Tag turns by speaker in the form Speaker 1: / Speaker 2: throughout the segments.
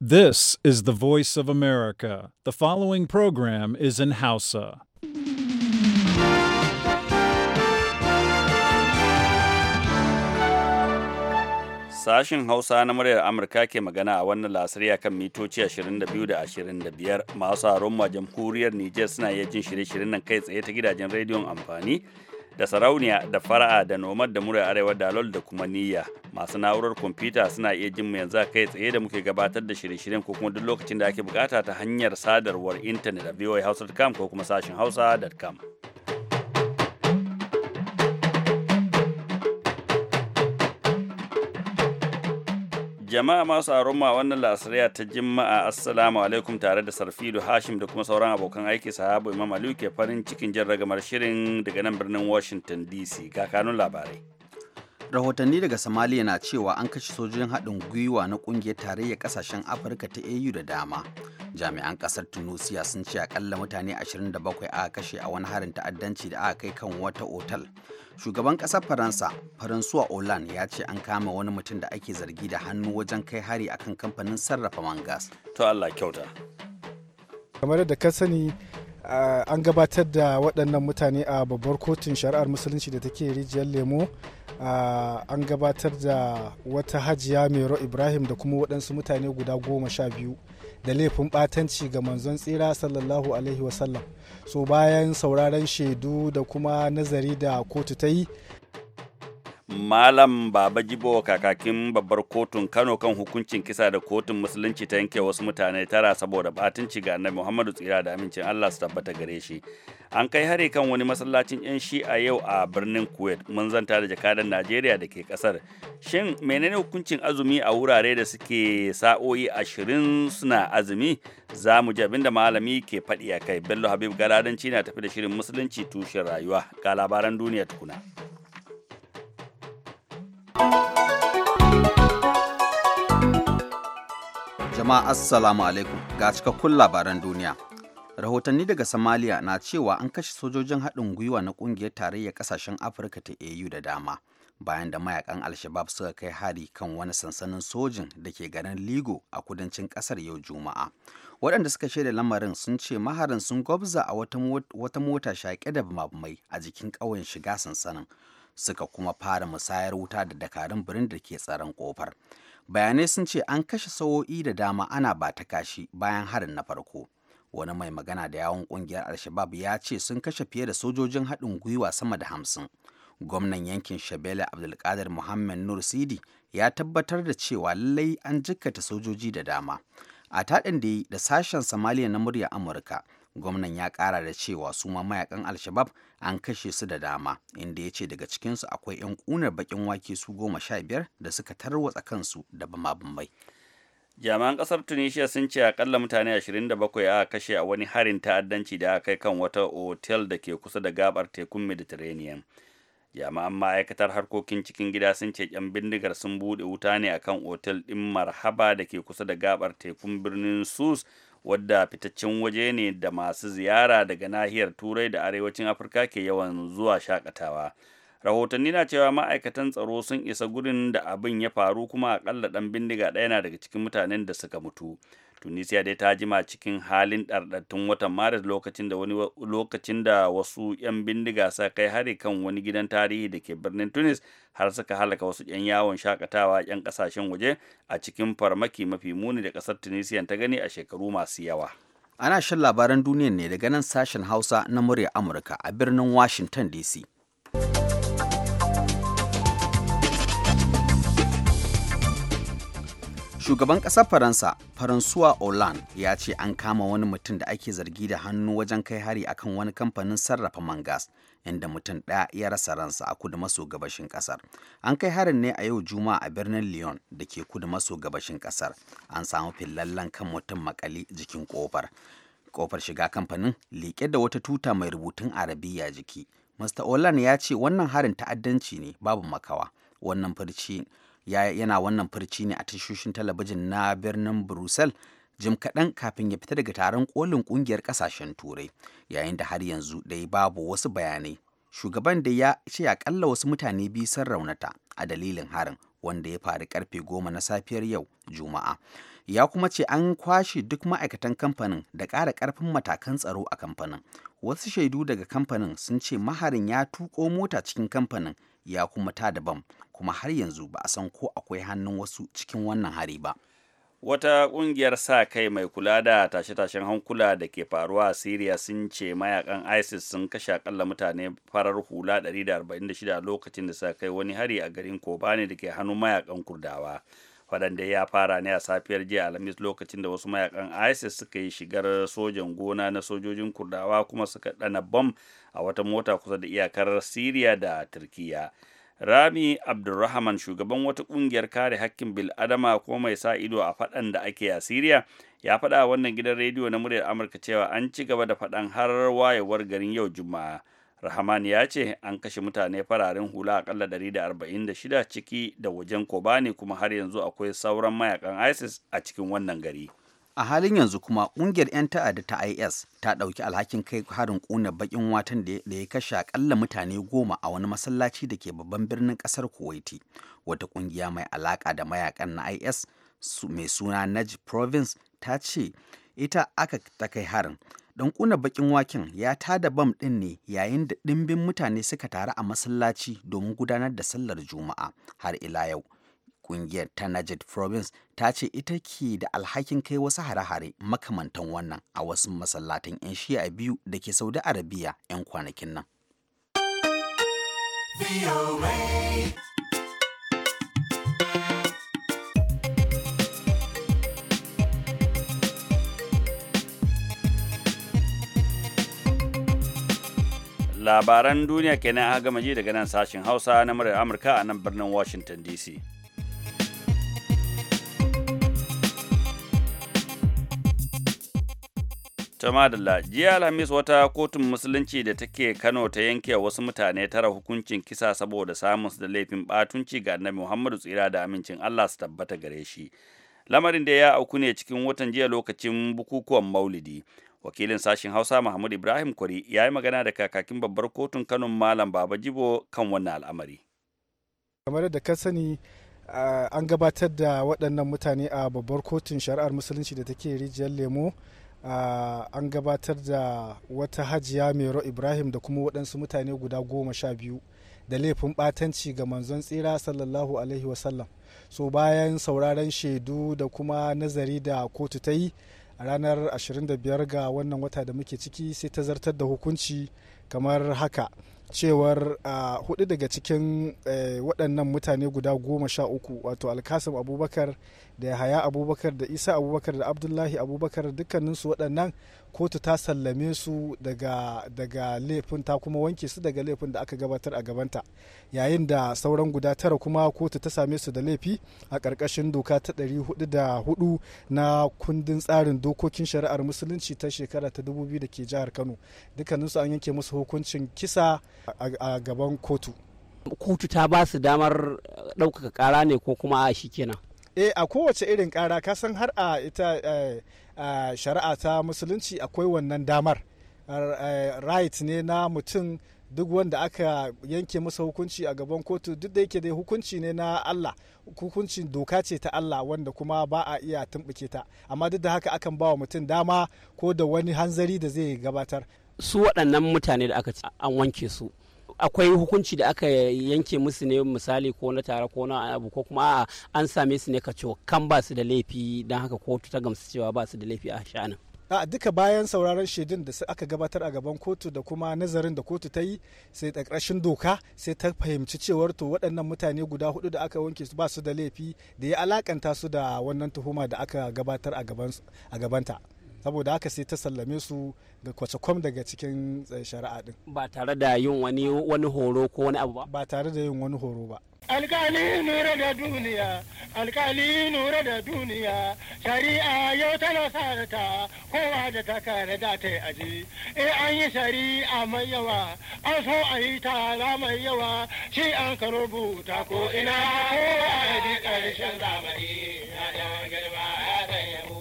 Speaker 1: This is the voice of America. The following program is in Hausa.
Speaker 2: Sashen Hausa na muryar Amurka ke magana a wannan lasariya kan mitoci 22 da 25 masu haron ma jamhuriyar Nijar suna iya jin shirye-shiryen nan kai tsaye ta gidajen rediyon amfani da sarauniya da fara'a da nomad da murar arewa dalol da kuma niyya masu na'urar kwamfuta suna iya jin mu yanzu kai tsaye da muke gabatar da shirye-shiryen ko kuma duk lokacin da ake bukata ta hanyar sadarwar intanet a voahausa.com ko kuma sashin hausa.com jama'a masu aroma wannan lasariya ta jima'a assalamu alaikum tare da sarfilu hashim da kuma sauran abokan aiki sahabu imam aliyu ke farin cikin jin ragamar shirin daga nan birnin washington dc kakanun labarai
Speaker 1: rahotanni daga somalia na cewa an kashe sojojin haɗin gwiwa na ƙungiyar tarayyar ƙasashen afirka ta au da dama jami'an kasar tunisia sun ce akalla mutane 27 aka kashe a wani harin ta'addanci da aka kai kan wata otal shugaban kasar faransa faransuwa olan ya ce an kama wani mutum da ake zargi da hannu wajen kai hari akan kamfanin sarrafa man gas to allah kyauta
Speaker 3: kamar yadda ka sani an gabatar da waɗannan mutane a babbar kotun shari'ar musulunci da take rijiyar lemo an gabatar da wata hajiya mero ibrahim da kuma waɗansu mutane guda goma sha biyu da laifin batanci ga manzon tsira sallallahu alaihi wasallam so bayan sauraron shaidu da kuma nazari da kotu ta yi
Speaker 2: Malam Baba Jibo kakakin babbar kotun Kano kan hukuncin kisa da kotun musulunci ta yanke wasu mutane tara saboda batunci ga Annabi Muhammadu tsira da amincin Allah su tabbata gare shi. An kai hari kan wani masallacin yan shi a yau a birnin Kuwait mun zanta da jakadan Najeriya da ke kasar. Shin menene hukuncin azumi a wurare da suke sa'o'i ashirin suna azumi? Za mu ji abinda malami ke faɗi a kai. Bello Habib Galadanci na tafi da shirin musulunci tushen rayuwa ga labaran duniya tukuna.
Speaker 1: Jama'a Assalamu alaikum ga cikakkun labaran duniya. Rahotanni daga Somalia na cewa an kashe sojojin haɗin gwiwa na ƙungiyar tarayyar ƙasashen Afirka ta AU da dama bayan da mayakan Alshabab suka kai hari kan wani sansanin sojin da ke garin Ligo a kudancin ƙasar yau Juma'a. Waɗanda suka shaida lamarin sun ce maharin sun gwabza a wata mota shaƙe da mai a jikin ƙauyen shiga sansanin suka kuma fara musayar wuta da dakarun birnin da ke tsaron ƙofar. bayanai sun ce an kashe sawo'i da dama ana ba ta kashi bayan harin na farko wani mai magana da yawon kungiyar alshabab ya ce sun kashe fiye da sojojin haɗin gwiwa sama da hamsin gwamnan yankin shabela abdulkadir muhammad nur sidi ya tabbatar da cewa lallai an jikkata sojoji da dama a taɗin da da sashen samaliya na murya amurka gwamnan ya kara da cewa su ma mayakan alshabab an kashe su da dama inda ya ce daga cikinsu akwai 'yan kunar bakin wake su goma sha biyar da suka tarwatsa kansu da bama
Speaker 2: jami'an kasar tunisia sun ce akalla mutane 27 a kashe a wani harin ta'addanci da aka kai kan wata otel da ke kusa da gabar tekun mediterranean jami'an ma'aikatar harkokin cikin gida sun ce yan bindigar sun bude wuta ne akan otel ɗin marhaba da ke kusa da gabar tekun birnin sus wadda fitaccen waje ne da masu ziyara daga nahiyar turai da arewacin afirka ke yawan zuwa shakatawa rahotanni na cewa ma'aikatan tsaro sun isa gurin da abin ya faru kuma akalla dan bindiga ɗaya na daga cikin mutanen da suka mutu tunisia dai ta jima cikin halin ɗarɗattun watan maris lokacin da wani lokacin da wasu 'yan bindiga sa kai hari kan wani gidan tarihi da ke birnin tunis har suka halaka wasu 'yan yawon shakatawa 'yan ƙasashen waje a cikin farmaki mafi muni da ƙasar tunisia ta gani a shekaru masu yawa
Speaker 1: ana shan labaran duniya ne daga nan sashen hausa na murya amurka a birnin washington dc Shugaban ƙasar Faransa, Faransuwa Hollande ya ce an kama wani mutum da ake zargi da hannu wajen kai hari akan wani kamfanin sarrafa man gas, inda mutum ɗaya ya rasa ransa a kudu maso gabashin ƙasar. An kai harin ne a yau Juma'a a birnin Lyon da ke kudu maso gabashin ƙasar. An samu fillallen kan mutum makali jikin ƙofar. Ƙofar shiga kamfanin liƙe da wata tuta mai rubutun Arabiya jiki. Mr. Hollande ya ce wannan harin ta'addanci ne babu makawa. Wannan farci yana wannan furci ne a tashoshin talabijin na birnin brussels jim kaɗan kafin ya fita daga taron kolin ƙungiyar ƙasashen turai yayin da har yanzu dai babu wasu bayanai shugaban da ya ce ƙalla wasu mutane biyu sun raunata a dalilin harin wanda ya faru karfe goma na safiyar yau juma'a ya kuma ce an kwashe duk ma'aikatan kamfanin da ƙara ƙarfin matakan tsaro a kamfanin wasu shaidu daga kamfanin sun ce maharin ya tuƙo mota cikin kamfanin ya kuma ta daban kuma har yanzu ba a san ko akwai hannun wasu cikin wannan hari ba
Speaker 2: wata kungiyar sa kai mai kula da tashe-tashen hankula da ke faruwa a Siriya sun ce mayakan ISIS sun kashe akalla mutane farar hula 146 lokacin da sa kai wani hari a garin Kobane da ke hannun mayakan Kurdawa. faɗan ya fara ne a safiyar jiya alhamis lokacin da wasu mayakan isis suka yi shigar sojan gona na sojojin kurdawa kuma suka ɗana bom a wata mota kusa da iyakar siriya da turkiya rami abdulrahman shugaban wata kungiyar kare hakkin adama ko mai sa ido a faɗan da ake a siriya ya faɗa wannan gidan rediyo na muryar amurka cewa an ci gaba da faɗan har wayewar garin yau juma'a rahman ya ce an kashe mutane fararen hula akalla 146 ciki da wajen kobani kuma har yanzu akwai sauran mayakan isis a cikin
Speaker 1: wannan gari a halin yanzu kuma kungiyar 'yan ta'adda ta is ta ɗauki alhakin kai harin kuna bakin watan da ya kashe akalla mutane goma a wani masallaci da ke babban birnin kasar kuwaiti wata kungiya mai alaka da mayakan na is mai suna naj province ta ce ita aka ta kai harin Don kuna bakin waken ya tada bam ɗin ne yayin da ɗimbin mutane suka taru a masallaci domin gudanar da sallar Juma'a har ila yau. Ƙungiyar ta Najid Province ta ce ita ke da alhakin kai wasu hare-hare makamantan wannan a wasu masallatan 'yan shi'a biyu da ke Saudi Arabiya 'yan kwanakin nan.
Speaker 2: labaran duniya kenan a gama ji daga nan sashen hausa na murar amurka a nan birnin washington dc Tamadala jiya Alhamis wata kotun musulunci da take Kano ta yanke wasu mutane tara hukuncin kisa saboda samun su da laifin batunci ga Annabi Muhammadu tsira da amincin Allah su tabbata gare shi. Lamarin da ya auku ne cikin watan jiya lokacin bukukuwan Maulidi. wakilin sashen hausa mahmud ibrahim kwari ya yi magana da kakakin babbar kotun kano malam baba jibo kan wannan al'amari
Speaker 3: kamar da ka sani an gabatar da waɗannan mutane a babbar kotun shari'ar musulunci da take rijiyar lemo an gabatar da wata hajiya mero ibrahim da kuma waɗansu mutane guda goma sha biyu da laifin ɓatanci ga manzon tsira sallallahu alaihi wasallam so bayan sauraren shaidu da kuma nazari da kotu ta yi ranar 25 ga wannan wata da muke ciki sai ta zartar da hukunci kamar haka cewar hudu daga cikin e, waɗannan mutane guda goma sha uku wato alkasim abubakar da yahaya abubakar da isa abubakar da abdullahi abubakar dukkaninsu waɗannan kotu ta sallame su daga laifin ta kuma wanke su daga laifin da aka gabatar a gabanta yayin da sauran guda tara kuma kotu ta same su da laifi a ƙarƙashin doka ta 404 na kundin tsarin dokokin shari'ar musulunci ta shekara ta 2000 da ke jihar kano dukkaninsu an yanke musu hukuncin kisa a gaban kotu kotu ta ba su
Speaker 1: damar ɗaukaka ƙara ne ko kuma a shi kenan
Speaker 3: eh a kowace irin kara kasan har a ita eh, shari'a ta musulunci akwai wannan damar eh, right ne na mutum duk wanda aka yanke masa hukunci a gaban kotu duk da yake dai hukunci ne na Allah hukuncin doka ce ta Allah wanda kuma ba a iya tumbuke ta amma duk da haka akan ba wa mutum dama ko da wani hanzari da zai gabatar
Speaker 1: su waɗannan mutane da aka an wanke su akwai hukunci da aka yanke musu ne misali ko na tare ko na abu ko kuma an same su ne ka ce kan ba su da laifi don haka kotu ta gamsu cewa ba su da laifi a sha'anin
Speaker 3: a duka bayan sauraron shaidun da aka gabatar a gaban kotu da kuma nazarin da kotu ta yi sai ƙarƙashin doka sai ta fahimci cewar to waɗannan mutane guda hudu da aka wanke su ba su da laifi da ya alakanta su da wannan tuhuma da aka gabatar a gabanta saboda haka sai ta sallame su kwace kwacakwam daga cikin eh, shari'a din ba tare da yin wani wani horo ko wani abu ba ba tare da yin wani horo ba alkali nura da duniya alkali nura da duniya shari'a yau tana sarata kowa da ta kare da ta aji eh an yi shari'a mai yawa an so a yi tara mai yawa shi an ka rubuta
Speaker 4: ko ina kowa da karshen zamani ya girma ya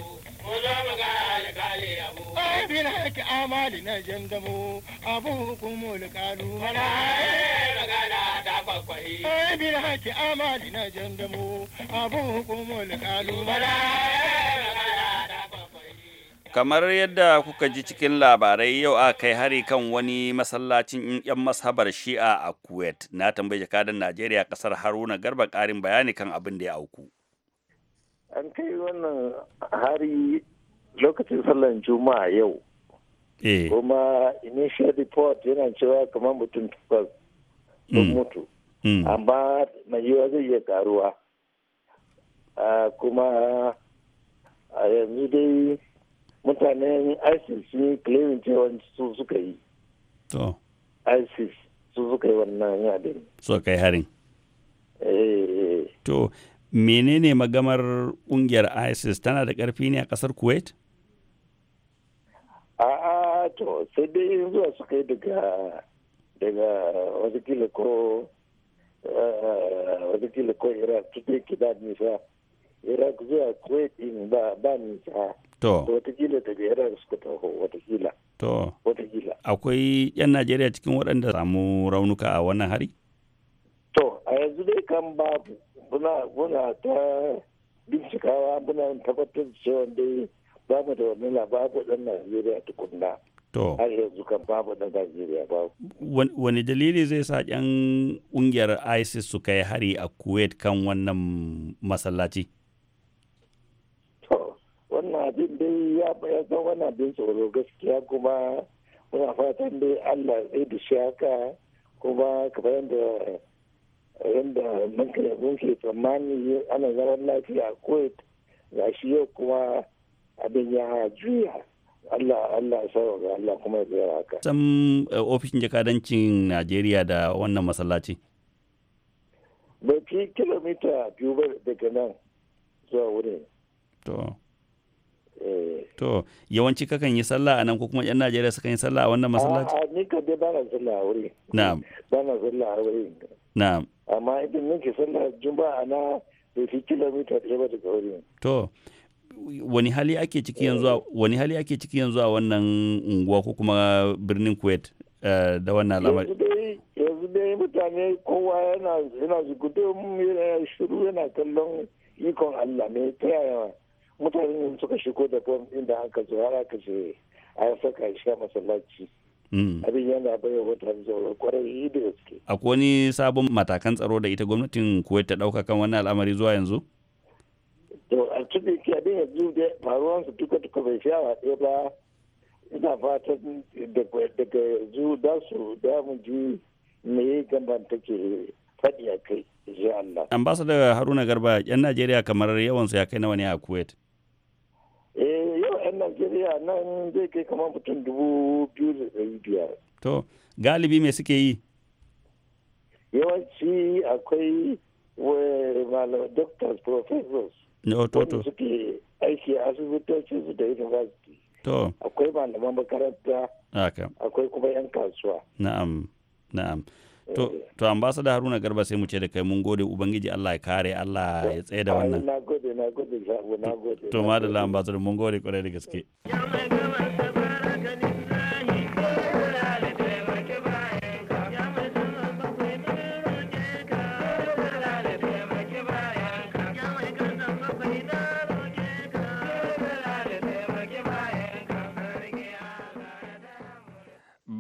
Speaker 4: بناك
Speaker 2: kamar yadda kuka ji cikin labarai yau a kai hari kan wani masallacin yan mashabar shi'a a kuwait na tambayi jakadan najeriya kasar haruna garba karin bayani kan abin da ya auku
Speaker 5: an kai wannan hari lokacin sallan juma'a yau eh. kuma initial report yana cewa kamar mutum takwas sun mm. mutu mm. amma mai yiwa zai iya karuwa kuma a yanzu dai mutanen isis sun yi claiming cewa su suka yi isis su suka yi wannan yadin
Speaker 2: so kai harin
Speaker 5: eh.
Speaker 2: to menene magamar kungiyar isis tana da karfi ne a kasar kuwait
Speaker 5: to sai dai in zuwa su kai daga daga watakila ko eh, watakila ko iraq tutai kida nisa iraq zuwa kuwait din ba ba nisa to watakila daga iraq suka taho watakila to watakila
Speaker 2: akwai yan najeriya cikin waɗanda samu raunuka a wannan hari
Speaker 5: to a yanzu dai kan babu buna buna ta bincikawa buna tabbatar da cewa dai ba mu da wani labarin ɗan najeriya tukunna To. Har yanzu kan babu na Najeriya babu.
Speaker 2: Wani dalili zai sa ƴan ƙungiyar ISIS su kai hari a Kuwait kan wannan masallaci?
Speaker 5: To, wannan abin dai ya zan wannan abin tsoro gaskiya kuma muna fatan dai Allah zai dushi haka kuma kamar yadda yadda mun ke tsammani ana zaman lafiya a Kuwait ga shi yau kuma abin ya juya. Allah Allah sauwa Allah kuma ya tsaya haka. Sam
Speaker 2: eh, ofishin jakadancin Najeriya da wannan masallaci.
Speaker 5: Bai fi kilomita biyu ba daga nan zuwa wurin. To. Eh.
Speaker 2: To yawanci kakan yi sallah a nan ko kuma 'yan Najeriya suka yi sallah a wannan masallaci?
Speaker 5: A ni ka dai ba na sallah a wuri. Na'am. Ba na sallah a wuri. Na'am. Amma idan nake sallah juma'a na bai fi kilomita ɗaya ba daga wuri.
Speaker 2: To wani hali ake ciki yanzu a wani hali ake ciki yanzu a wannan unguwa ko kuma birnin Kuwait eh, da wannan al'amari
Speaker 5: yanzu dai mutane kowa yana yana zugude yana shiru yana kallon ikon Allah ne ta yaya mutane suka shigo da bom inda aka zo har aka ce a saka shi a masallaci hmm. abin yana bai wata tsoro kwarai da gaske
Speaker 2: akwai wani sabon matakan tsaro da ita gwamnatin Kuwait ta dauka kan wannan al'amari zuwa yanzu
Speaker 5: to a cikin kyadin yanzu da su duka duka bai fi awa ɗaya ba ina fatan daga yanzu da su damu ji me gamban take faɗi a kai insha Allah.
Speaker 2: Ambassador Haruna Garba yan Najeriya kamar su ya kai na wani a Kuwait?
Speaker 5: Eh yau yan Najeriya nan zai kai kamar mutum dubu biyu da ɗari biyar.
Speaker 2: To galibi me suke yi?
Speaker 5: Yawanci akwai eh, doctors professors
Speaker 2: wanda suke
Speaker 5: aiki a asibitocinsu da university akwai malaman makaranta akwai kuma 'yan kasuwa
Speaker 2: na'am na'am To, eh. to ambasada Haruna Garba sai mu ce da kai mun gode Ubangiji Allah ya kare Allah ya tsaye da wannan.
Speaker 5: Na gode, na gode, na gode. To, madalla
Speaker 2: ambasada mun gode kwarai da gaske.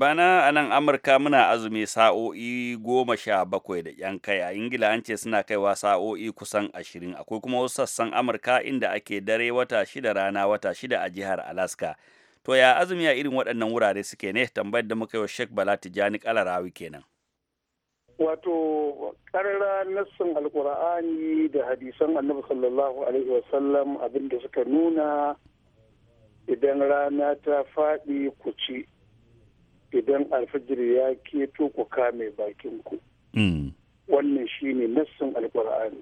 Speaker 2: bana a nan amurka muna azumi sa'o'i goma sha bakwai da yan kai a ingila an ce suna kaiwa sa'o'i kusan ashirin akwai kuma wasu sassan amurka inda ake dare wata shida rana wata shida a jihar alaska to ya azumi a irin waɗannan wurare suke ne tambayar da muka yi wa sheikh bala tijani kalarawi kenan
Speaker 6: wato nassin alkur'ani da hadisan annabi abinda suka nuna idan rana ta faɗi ku ci idan alfajiri ya ke ku kame bakin ku hmm. wannan shi shine nassin alkur'ani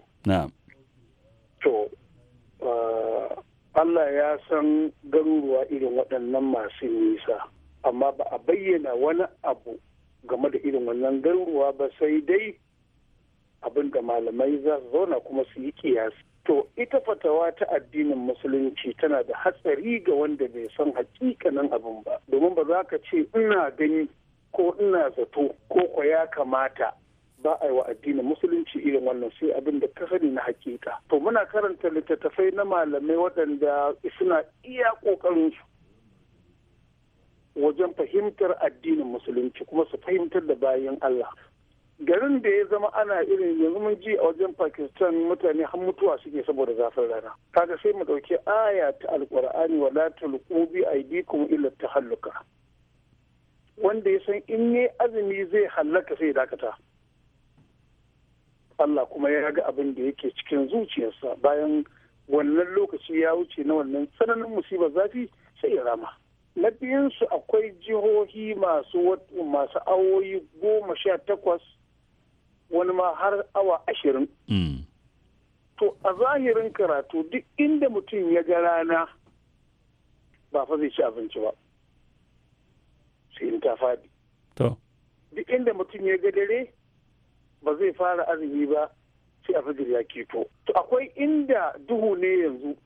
Speaker 6: to ah, Allah ya san garuruwa irin waɗannan masu nisa amma ba a bayyana wani abu game da irin wannan garuruwa ba sai dai abin da malamai za su zauna kuma su yi kiyasi to ita fatawa ta addinin musulunci tana da hatsari ga wanda bai san nan abin ba domin ba za ka ce ina gani ko ina zato ko kwa ya kamata ba a yi wa addinin musulunci irin wannan sai abin da ka sani na hakika to muna karanta littattafai na malamai waɗanda suna iya ƙoƙarinsu wajen fahimtar addinin musulunci kuma su fahimtar da bayan Allah garin da ya zama ana irin yanzu mun ji a wajen pakistan mutane har mutuwa suke saboda zafin rana kaga sai mu dauki aya ta alqur'ani wa la tulqu bi aydikum illa tahalluka wanda ya san in ne azumi zai hallaka sai dakata Allah kuma ya ga abin da yake cikin zuciyarsa bayan wannan lokaci ya wuce na wannan tsananin musibar zafi sai ya rama na biyunsu akwai jihohi masu masu awoyi goma sha takwas wani ma har awa ashirin hmm. to a zahirin karatu duk inda mutum ya ga rana ba fa zai ci abinci ba sai in ta faɗi duk inda mutum ya ga dare ba zai fara azumi ba sai a fajir ya keto to akwai inda duhu ne yanzu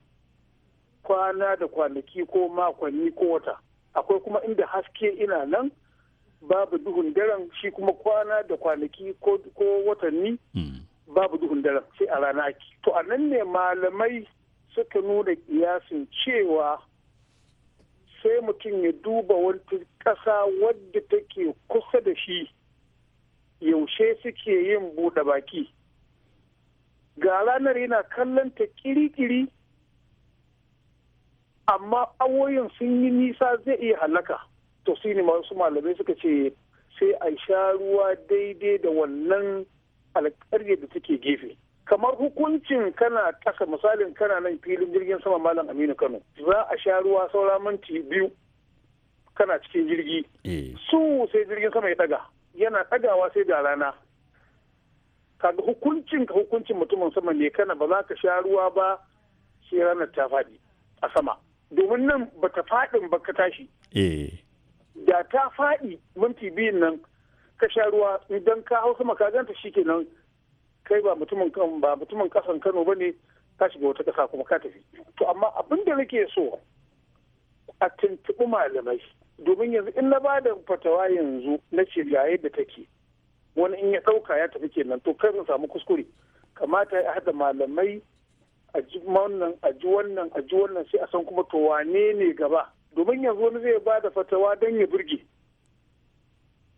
Speaker 6: kwana da kwanaki ko makonni ko wata akwai kuma inda haske ina nan babu duhun daren shi kuma kwana da kwanaki ko watanni hmm. babu duhun daren sai a rana ake to a nan ne malamai suka nuna kiyasin cewa sai mutum ya duba wata ƙasa wadda take kusa da shi yaushe suke yin buɗe baki ga ranar yana kallon ta kiri-kiri amma awoyin sun yi nisa zai iya halaka to su ne masu malamai suka ce sai a sha ruwa daidai da wannan alƙarya da take gefe kamar hukuncin kana ƙasa misalin kana nan filin jirgin sama malam aminu kano za a sha ruwa saura minti biyu kana cikin jirgi eh. su sai jirgin sama ya ɗaga yana ɗagawa sai da rana kaga hukuncin ka hukuncin mutumin sama ne kana ba za ka sha ruwa ba sai ranar ta faɗi a sama domin nan ba ta faɗin ba ka tashi eh. da ta faɗi minti biyun nan ka sha ruwa idan ka hau sama ka ganta kenan kai ba mutumin kan ba mutumin kasan Kano bane ka shiga wata kasa kuma ka tafi to amma abin da nake so a tuntuɓi malamai domin yanzu in na bada fatawa yanzu na ce ga yadda take wani in ya ɗauka ya tafi kenan to kai mu samu kuskure kamata ya haɗa malamai a ji a ji wannan a ji wannan sai a san kuma to wane ne gaba domin yanzu wani zai ba da fatawa don ya burge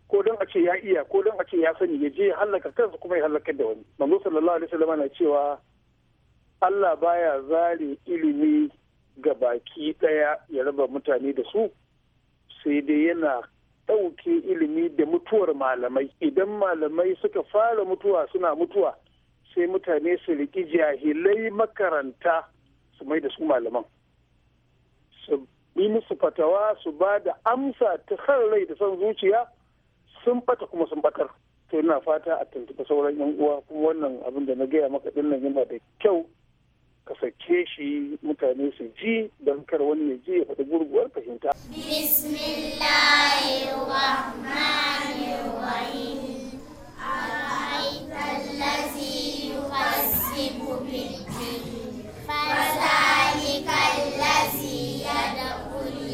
Speaker 6: ko don a ce ya iya ko don a ce ya sani ya je ya hallaka kansa kuma ya hallaka da wani manzo sallallahu alaihi wasallam na cewa Allah baya zare ilimi ga baki ɗaya ya raba mutane da su sai dai yana ɗauke ilimi da mutuwar malamai idan malamai suka fara mutuwa suna mutuwa sai mutane su riƙi jahilai makaranta su mai da su malaman yi musu fatawa su ba da amsa ta san rai da son zuciya sun ɓata kuma sun batar to ina fata a tuntuɓa sauran yan uwa kuma wannan abin da na gaya maka din nan yana da kyau ka sake shi mutane su ji don kar wani ya ji ya faɗi gurguwar fahimta
Speaker 4: bismillahirrahmanirrahim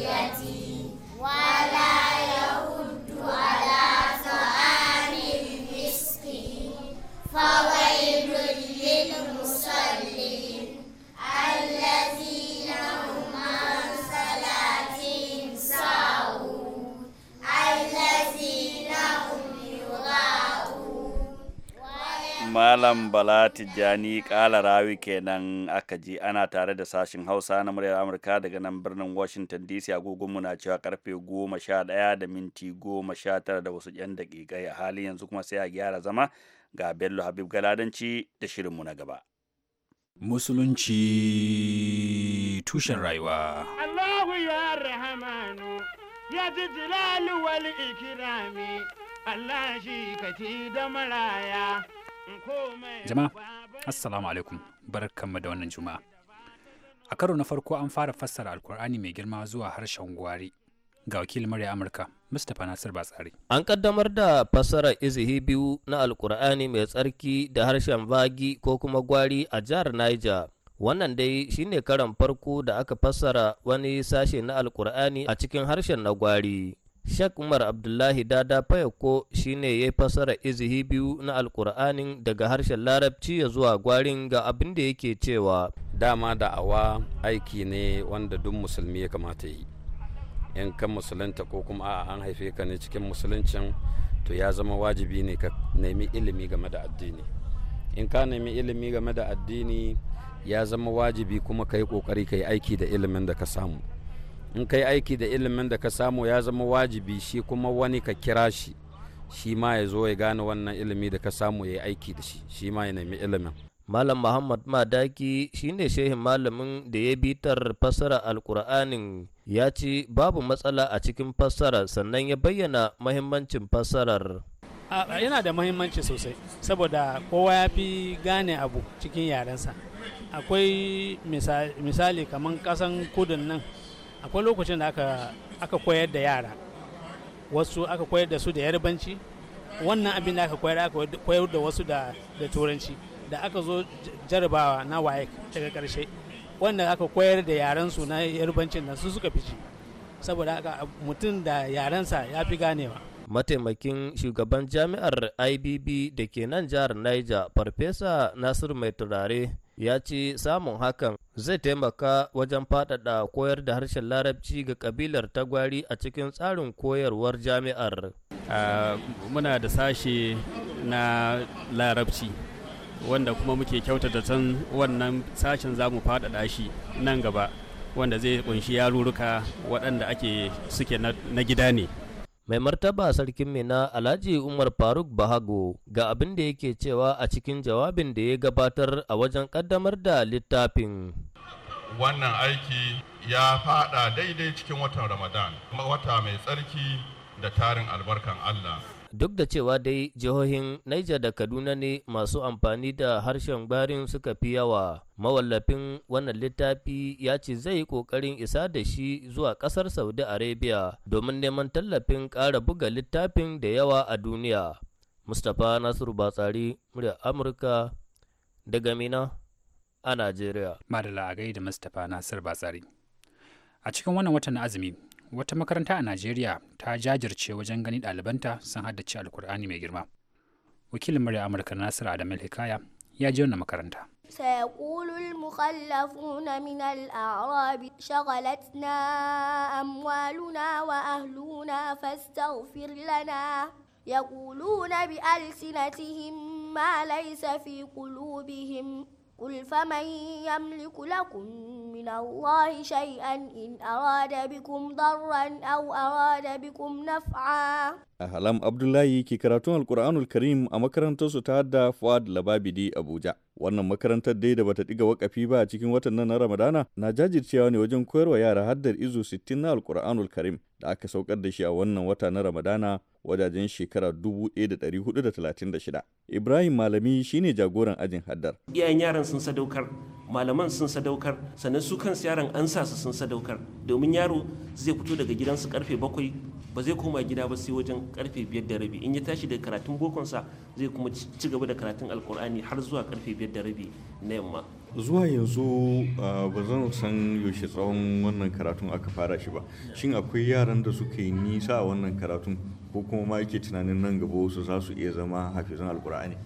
Speaker 4: ذريتي ولا
Speaker 2: Malam Bala Tijjani kala rawi kenan aka ji ana tare da sashin Hausa na muryar Amurka daga nan birnin Washington DC agogonmu na cewa karfe goma ɗaya da minti goma sha tara da wasu yan daƙiƙai a hali yanzu kuma sai a gyara zama ga Bello Habib Galadanci da shirinmu na gaba. Musulunci tushen rayuwa.
Speaker 3: Allahu ya rahamanu ya ji jilali wal ikirami
Speaker 1: Allah shi ka da maraya. Jama'a, Assalamu alaikum, barkanmu da wannan juma'a. A karo na farko an fara fassara Alkur'ani mai girma zuwa harshen gwari ga wakilin murya Amurka, Mustapha Nasir Batsari.
Speaker 4: An kaddamar da fassarar izihi biyu na Alkur'ani mai tsarki da harshen vagi ko kuma gwari a jihar Niger. Wannan dai shi ne karan farko da aka fassara wani sashe na Alkur'ani a cikin harshen na gwari. Sheikh Umar Abdullahi Dada Fayako shi ne ya fasara izihi biyu na Alƙur'anin daga harshen Larabci ya zuwa gwarin ga abin da yake cewa. Dama da'awa aiki ne wanda duk musulmi ya kamata yi. In kan musulunta ko kuma a an haife ka ne cikin musuluncin to ya zama wajibi ne ka nemi ilimi game da addini. In ka nemi ilimi game da addini ya zama wajibi kuma ka yi ƙoƙari ka yi aiki da ilimin da ka samu. in kai aiki da ilimin da ka samu ya zama wajibi shi kuma wani ka kira shi shi ma ya zo ya gane wannan ilimi da ka samu ya yi aiki da shi shi ma ya nemi ilimin Malam Muhammad Madaki ne shehin malamin da ya bitar fassara al'kur'anin ya ce babu matsala a cikin fassara sannan ya bayyana mahimmancin fassarar. Yana da mahimmanci sosai saboda kowa ya fi gane abu cikin yarensa. Akwai misali kamar kasan kudin nan akwai lokacin da aka koyar da yara wasu aka koyar da su da yarbanci wannan abin da aka koyar aka koyar da wasu da turanci da aka zo jarabawa na waye daga karshe wanda aka koyar da yaran na yarbancin nan su suka fice saboda aka mutum da yarensa ya fi ganewa mataimakin shugaban jami'ar ibb da ke nan jihar niger farfesa nasir mai turare ya ce samun hakan zai taimaka wajen faɗaɗa koyar da harshen larabci ga kabilar tagwari a cikin tsarin koyarwar jami'ar muna da sashe na larabci wanda kuma muke kyautata can wannan sashen za mu faɗaɗa shi nan gaba wanda zai kunshi yarurruka waɗanda ake suke na gida ne mai martaba sarkin mina alhaji umar faruk bahago ga abin da yake cewa a cikin jawabin da ya gabatar a wajen kaddamar da littafin
Speaker 7: wannan aiki ya fada daidai cikin watan ramadan wata mai tsarki da tarin albarkan
Speaker 4: allah duk da cewa dai jihohin Niger da Kaduna ne masu amfani da harshen barin suka fi yawa mawallafin wannan littafi ya ce zai yi ƙoƙarin isa da shi zuwa ƙasar Saudi Arabia domin neman tallafin ƙara buga littafin da yawa a duniya. Mustapha Nasiru Batsari, murya Amurka daga Mina a Najeriya. Madala a gaida Mustapha Nasiru Batsari.
Speaker 1: A cikin wannan watan azumi, wata makaranta a najeriya ta jajirce wajen gani ɗalibanta sun haddace alkur'ani mai girma wakilin murya amurka nasiru adamil hikaya ya
Speaker 8: je wannan makaranta
Speaker 4: سيقول المخلفون من الأعراب شغلتنا أموالنا وأهلنا فاستغفر لنا يقولون بألسنتهم ما ليس في قلوبهم قل فمن يملك لكم من الله شيئا إن أراد بكم ضرا أو أراد بكم نفعا
Speaker 9: أهلام عبد الله كي كراتون القرآن الكريم أما كرانتا ستعدى فؤاد لبابي دي أبوجا wannan makarantar dai da bata diga wakafi ba a cikin watan nan na Ramadana na jajircewa ne wajen koyarwa yara haddar izo 60 na Alkur'anul Karim da aka saukar da shi a wannan wata na Ramadana wajajen shekara 1436. Ibrahim Malami shine jagoran ajin haddar.
Speaker 7: Iyayen yaran sun sadaukar, malaman sun sadaukar, sannan su kan yaran an sa su sun sadaukar. Domin yaro zai fito daga gidansu karfe bakwai ba zai koma gida ba sai wajen karfe biyar da rabi in ya tashi daga karatun bokonsa zai kuma ci gaba da karatun alkur'ani har zuwa karfe biyar da rabi na yamma
Speaker 9: zuwa yanzu ba zan san yaushe tsawon wannan karatun aka fara shi ba shin akwai yaran da suka yi nisa a wannan karatun ko kuma ma yake tunanin nan gaba wasu za su iya zama hafizan alkur'ani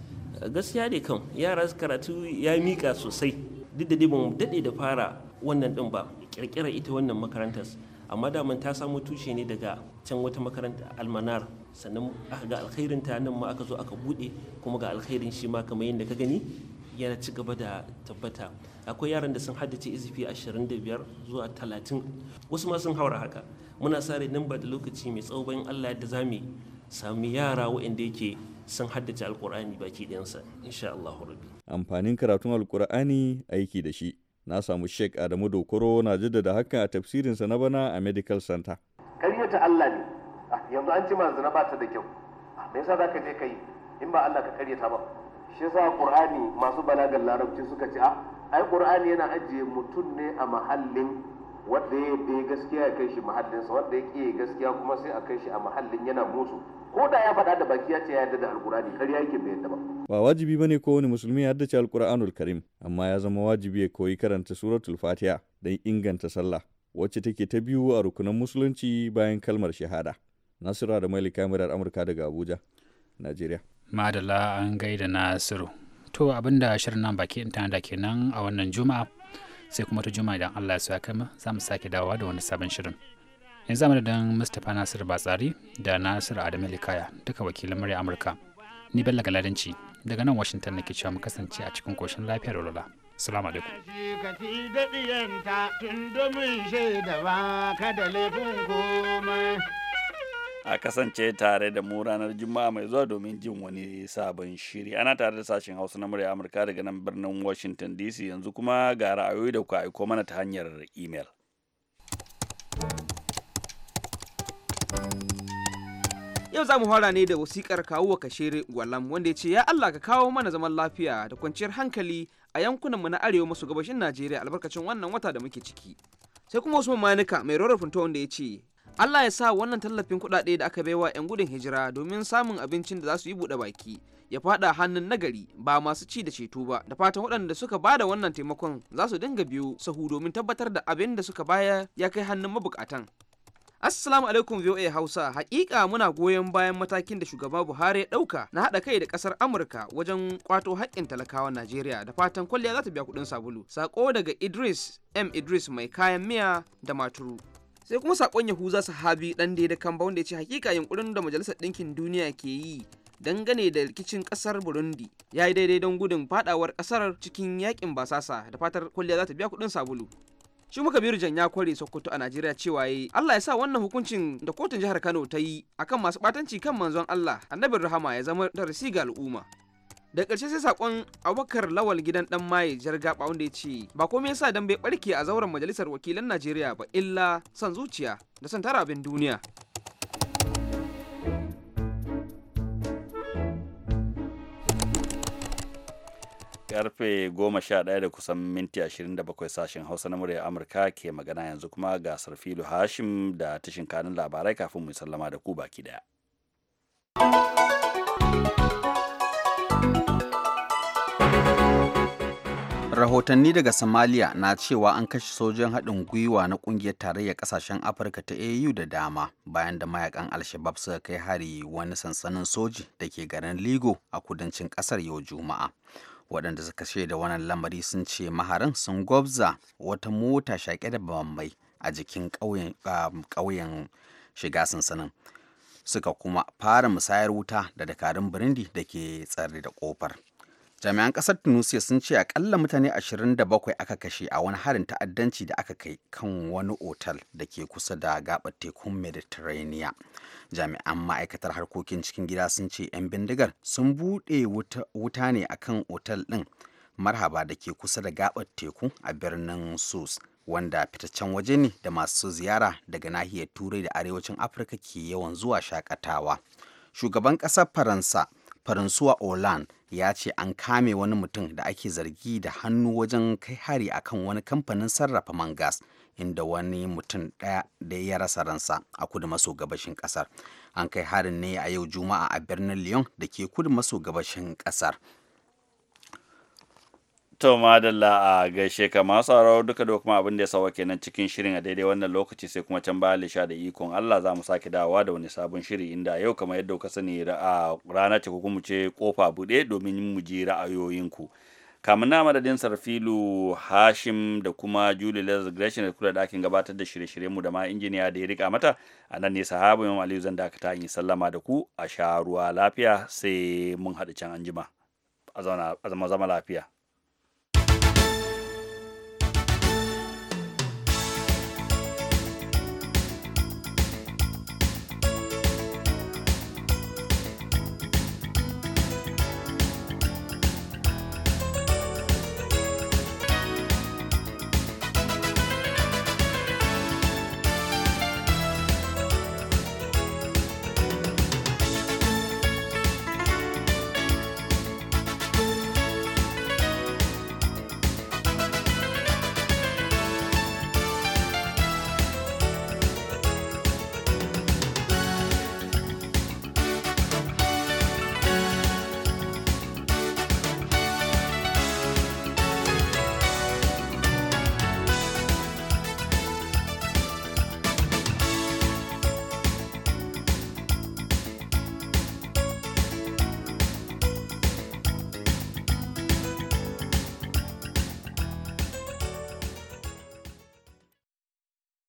Speaker 7: gaskiya ne kan yara karatu ya mika sosai duk da dai mu daɗe da fara wannan din ba ƙirƙirar ita wannan makarantar amma daman ta samo tushe ne daga can wata makaranta almanar sannan ga alkhairin ta nan ma aka zo aka bude kuma ga alkhairin shi ma kamar yadda ka gani yana ci gaba da tabbata akwai yaran da sun haddace izifi 25 zuwa 30 wasu ma sun haura haka muna sare nan ba da lokaci mai tsawo Allah da za mu sami yara waɗanda yake sun haddace alkur'ani baki ɗayansa insha Allah rabbi
Speaker 9: amfanin karatun alkur'ani aiki da shi na samu Sheikh Adamu Dokoro na jaddada hakan a tafsirinsa na bana a Medical Center
Speaker 7: karyata Allah ne ah, yanzu an ci manzana ba ta da kyau ah, me yasa ka je yi in ba Allah ka karyata ba shi yasa qur'ani masu balagar larabci suka ce a ah, ai qur'ani yana ajiye mutum ne a mahallin wanda ya yi gaskiya ya kai shi sa wanda ya ƙi gaskiya kuma sai a kai shi a mahallin yana musu ko da ya faɗa da baki ya ce ya yarda da alqur'ani kar yake bai yarda ba
Speaker 9: ba wajibi bane wani musulmi ya haddace alkur'anul karim amma ya zama wajibi ya koyi karanta suratul fatiha don inganta sallah wacce take ta biyu a rukunan musulunci bayan kalmar shahada nasira da mailika kamirar amurka daga abuja najeriya
Speaker 1: madala an gaida nasiru to abinda shirin nan baki intanet kenan a wannan juma'a sai kuma ta juma'a idan allah ya kama za mu sake dawowa da wani sabon shirin yanzu amma da mustapha nasiru batsari da nasiru adamu likaya duka wakilin murya amurka ni bella galadanci daga nan washington nake cewa mu kasance a cikin koshin lafiyar walwala salamu alaikum
Speaker 3: shaida
Speaker 4: da laifin komai
Speaker 2: a kasance tare da mu ranar juma'a mai zuwa domin jin wani sabon shiri ana tare da sashen hausa na murya amurka daga nan birnin washington dc yanzu kuma ga ra'ayoyi da ku aiko mana ta hanyar imel
Speaker 8: yau za mu fara ne da wasikar kawo wa kashere gwalam wanda ya ce ya allah ka kawo mana zaman lafiya da kwanciyar hankali a yankunanmu na arewa maso gabashin najeriya albarkacin wannan wata da muke ciki sai kuma usman manika mai rorafin ta wanda ya ce Allah ya sa wannan tallafin kuɗaɗe da aka baiwa 'yan gudun hijira domin samun abincin da za su yi buɗe baki ya faɗa hannun nagari ba masu ci da ceto ba da fatan waɗanda suka ba da wannan taimakon za su dinga biyo sahu domin tabbatar da abin da suka baya ya kai hannun mabukatan. Assalamu alaikum VOA Hausa, hakika muna goyon bayan matakin da shugaba Buhari ya ɗauka na haɗa kai da ƙasar Amurka wajen kwato haƙƙin talakawan Najeriya da fatan kwalliya za ta biya kuɗin sabulu. Sako daga Idris M Idris mai kayan miya da maturu. sai kuma sakon yahuza sahabi dan da kamba wanda ya ce hakika yunkurin da majalisar ɗinkin duniya ke yi dangane da rikicin ƙasar burundi ya yi daidai don gudun fadawar ƙasar cikin yakin basasa da fatar kwalliya za ta biya kuɗin sabulu shi muka biyu ya kware sokoto a najeriya cewa ya allah ya sa wannan hukuncin da kotun jihar kano ta yi akan masu batanci kan manzon allah annabin rahama ya zama darasi ga al'umma da ƙarshe sai sakon abubakar lawal gidan dan maye gaba wanda ya ce ba komai yasa dan bai barke a zauren majalisar wakilan najeriya ba illa son zuciya da son tara abin duniya
Speaker 2: karfe goma sha ɗaya da kusan minti ashirin da bakwai sashen hausa na murya amurka ke magana yanzu kuma ga sarfilu hashim da tashin kanin labarai kafin mu sallama da ku baki daya
Speaker 1: rahotanni daga somalia na cewa an kashe sojojin haɗin gwiwa na ƙungiyar tarayyar ƙasashen afirka ta au da dama bayan da mayakan alshabab suka kai hari wani sansanin soji da ke garin ligo a kudancin ƙasar yau juma'a waɗanda suka da wannan lamari sun ce maharan sun gwabza wata mota shaƙe da bambai a jikin um, ƙauyen shiga sansanin suka kuma fara musayar wuta da dakarun birindi da ke tsare da ƙofar jami'an kasar tunisia sun ce akalla mutane 27 aka kashe a wani harin ta'addanci da aka kai kan wani otal da ke kusa da gabar tekun mediterranean jami'an ma'aikatar harkokin cikin gida sun ce 'yan bindigar sun bude wuta ne a kan otal din marhaba da ke kusa da gabar teku a birnin sus wanda fitaccen waje ne da masu ziyara daga nahiyar turai da arewacin afirka ke yawan zuwa shakatawa shugaban ƙasar faransa faransuwa olan ya ce an kame wani mutum da ake zargi da hannu wajen kai hari akan wani kamfanin sarrafa man gas inda wani mutum ɗaya da ya rasa ransa a kudu maso gabashin ƙasar an kai harin ne a yau juma'a a birnin lyon da ke kudu maso gabashin ƙasar
Speaker 2: To madalla a gaishe ka masu sauraro duka da kuma abin da ya sawa kenan cikin shirin a daidai wannan lokaci sai kuma can baya lisha da ikon Allah za mu sake dawowa da wani sabon shiri inda yau kama yadda kuka sani rana ce ko mu ce kofa buɗe domin mu ji ra'ayoyinku. kamun na madadin sarfilu hashim da kuma Juli, lazar gresham da kula da akin gabatar da shirye-shiryen mu da ma injiniya da ya rika mata a nan ne sahaba imam aliyu zan dakata in yi sallama da ku a sha ruwa lafiya sai mun haɗu can anjima a zama lafiya